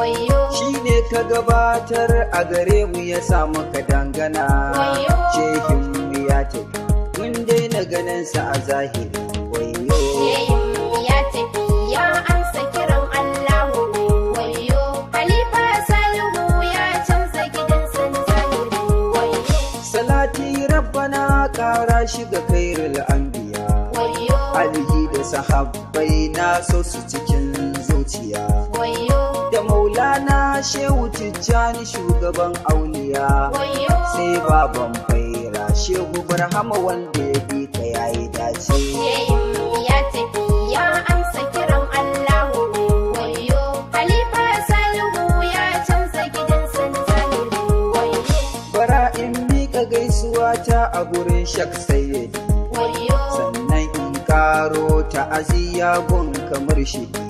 Shi ne ka gabatar a gare mu ya sa ka dangana. Shehin ya tafi, mun daina ganin sa a zahiri. Wayo. Shehin ya tafi ya kiran Allahu. Wayo. Khalifa Salihu ya canza gidan na zahiri. Wayo. Salati Rabbana kara shi ga kairul anbiya. Wayo. Alihi da sahabbai na so su cikin na shehu tijjani shugaban auliya sai baban faira shehu barhama wanda ya bi ka yayi dace ya tafi ya amsa kiran allahu wayo halifa salihu ya canza gidan sanjani bara in miƙa gaisuwata a gurin shak sayyidi sannan in karo ta'aziyya aziya kamar shidi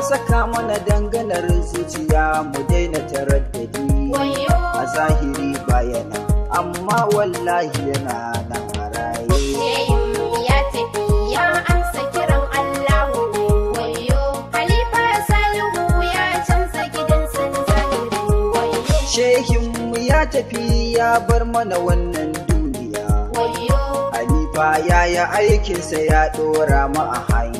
a saka mana danganar zuciya mu daina taraddadi a zahiri bayana amma wallahi yana nan maraye Shehinmu ya tafi ya bar mana wannan duniya. Halifa ya yi aikinsa ya ɗora mu a hanya.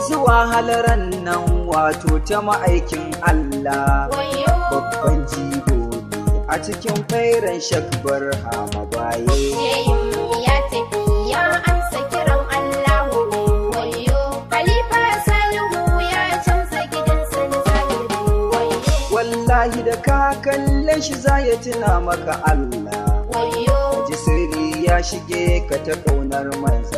zuwa halaran nan wato ta ma'aikin Allah babban jigo ne a cikin fairan shakbar hama baye. ya kiran Allah ya canza Wallahi da ka shi za ya tuna maka Allah. Wayo. Ji ya shige ka ta ƙaunar manza.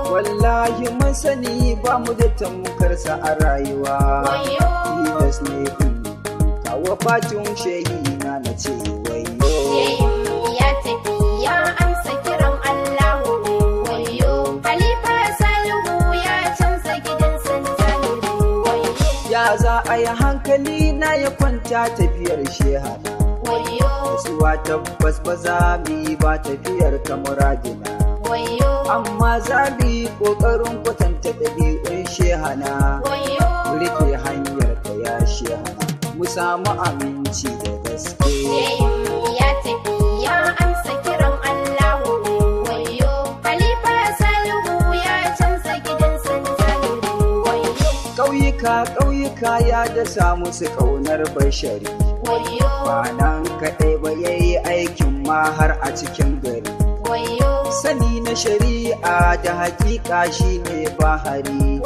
wallahi mun sani ba mu da tamkarsa a rayuwa tilas ne kawo fatin shehi na na ce wayo kiran allahu wayo canza gidan za a yi hankali na ya kwanta tafiyar sheha wayo kasuwa tabbas ba za mu yi ba tafiyar kamar ragina wayo amma zabi mu yi ƙoƙarin kwatanta ɗabi'un shehana. rike hanyar ka ya shehana, mu samu aminci da gaske. ya tafi ya amsa kiran canza Ƙauyuka ya dasa musu ƙaunar bashari. Ba nan kaɗai ba ya yi aikin ma har a cikin gari. Wayo. sani na shari'a da hakika shine bahari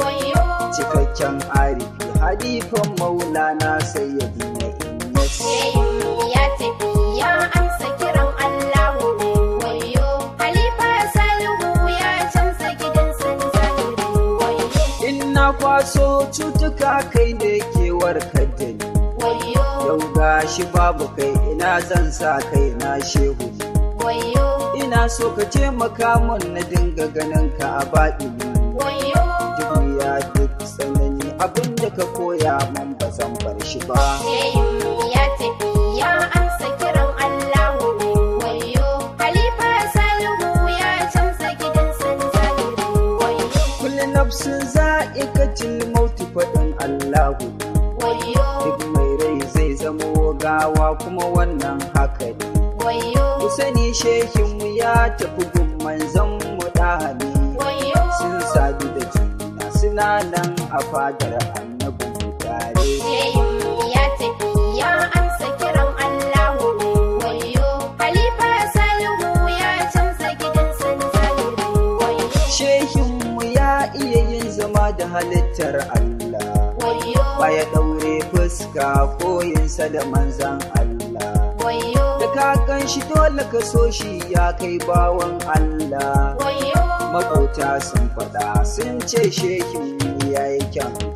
cikakken arifi hadifan maulana sayyidina inyas ya tafi na kwaso cutuka kai ne kewar kaddani Yau ga shi babu kai ina zan sa kai na shehu wayo ina so ka maka mun na dinga ganin ka a baɗi wayo duk ya duk sanani abin da ka koya mun shekinmu ya tafi gun manzon mu sun sadu da juna suna nan a fadar annabi tare ya ya iya yin zama da halittar Allah wayo ba ya ɗaure fuska koyinsa da manzan Allah wayo ka kan shi dole ka so shi ya kai bawan Allah. Maƙota sun faɗa sun ce shekin ya yi kyan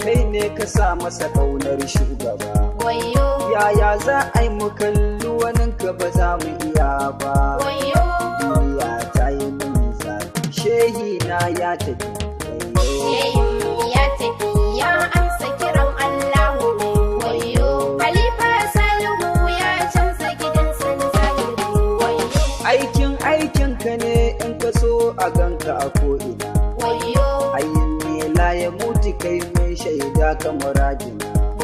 kai ne ka sa masa ƙaunar shugaba. Yaya za a yi mu kalli wanin ka ba za mu iya ba. Duniya ta yi mini zafi, shehi na ya tafi. Shehin ya tafi ya amsa kiran Allah wayo. Khalifa Salihu ya canza gidan na wayo. Aikin aikinka ne in ka so a ganka a ko'ina. Wayo. bala ya mutu kai mai shaida kamar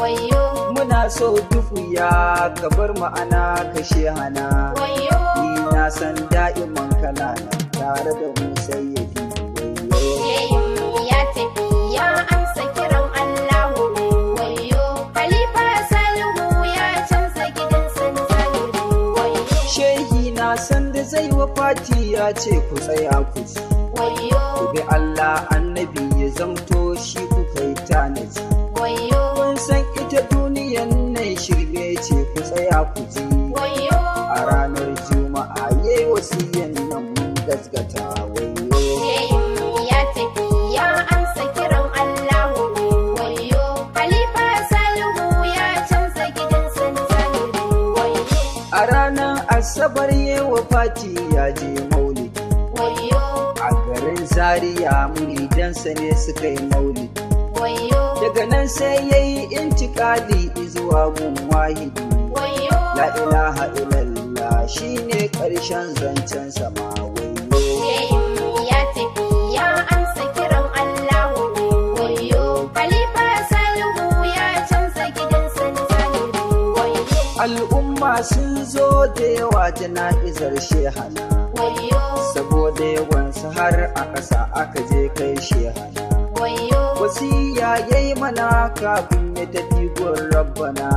Wayo! muna so dufu ya ka bar ma'ana kashe hana ni na san da'iman kana tare da mu sai ya fi kiran Allahu wayo khalifa salihu ya canza gidan shehi na ya ce ku tsaya ku ku bi Allah an zamto shi kuka yi tanadi. Wayo. san ita duniyan nan shirme ce ku tsaya ku ji. Wayo. A ranar Juma'a wasu yan nan mun gasgata wayo. ya Allahu ya canza ranar Asabar yewa Fati ya je maulidi. A garin zariya muni 'ya'yansa ne suka yi mauli. Daga nan sai ya yi intikali zuwa gun wahidi. La ilaha illallah shi ne ƙarshen zancen sama wayo. Al'umma sun zo da yawa jana'izar shehana. har a ƙasa aka je kai shehana wasiya ya yi mana kafin ya tafi gun rabbana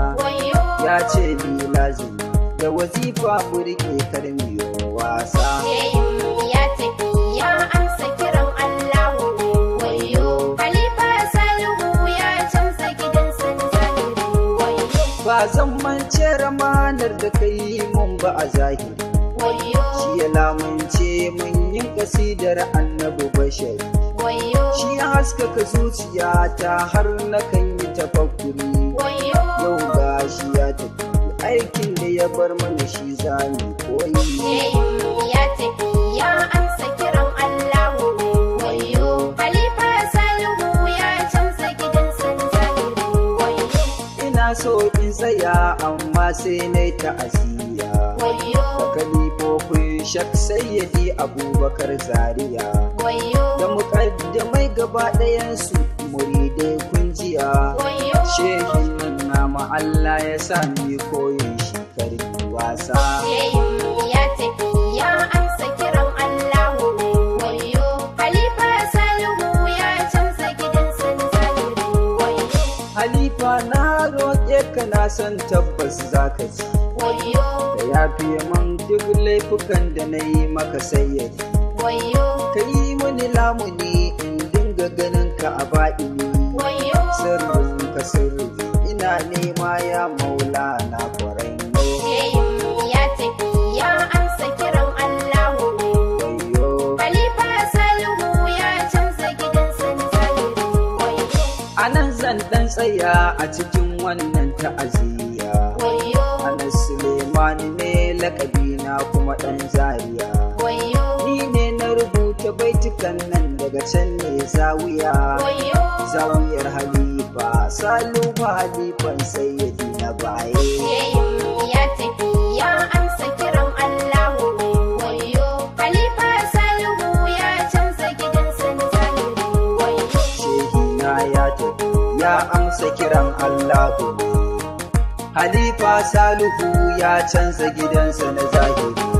ya ce ni lazimi da wazifa mu karmi wasa ba zan mance ramanar da kai mun ba a zahiri ya lamance mun yi kasidar annabi bashar shi ya haskaka zuciyata har na kan yi tafakkuri yau ga shi ya tafi aikin da ya bar mana shi zami koyi ya tafi ya amsa kiran salihu ya canza gidan ina so in tsaya amma sai na ta asiri Shak sayyadi Abubakar Zaria. Da muƙaddamai gaba ɗayansu muridai kunjiya. Shehin nan nama Allah ya sami koyin shekaru wasa. ya tafi ya amsa kiran Allahu wayo. Halifa Salihu ya canza gidan na roƙe ka na san tabbas za ka ci. da ya fiye man duk laifukan da na yi maka sayyari ka yi mini lamuni in dinga ganin ka a baɗini sirrin ka sirri ina nema ya maula na kwarai ya kiran allahu khalifa salihu ya canza a nan zan dan tsaya a cikin wannan ta'azi ɗan zaria ni ne na rubuta baitukan nan daga can ne zawiya zawiyar halifa salufa halifan sayyadi na baye ya amsa kiran Allahu Halifa Salihu ya canza gidansa na zahiri.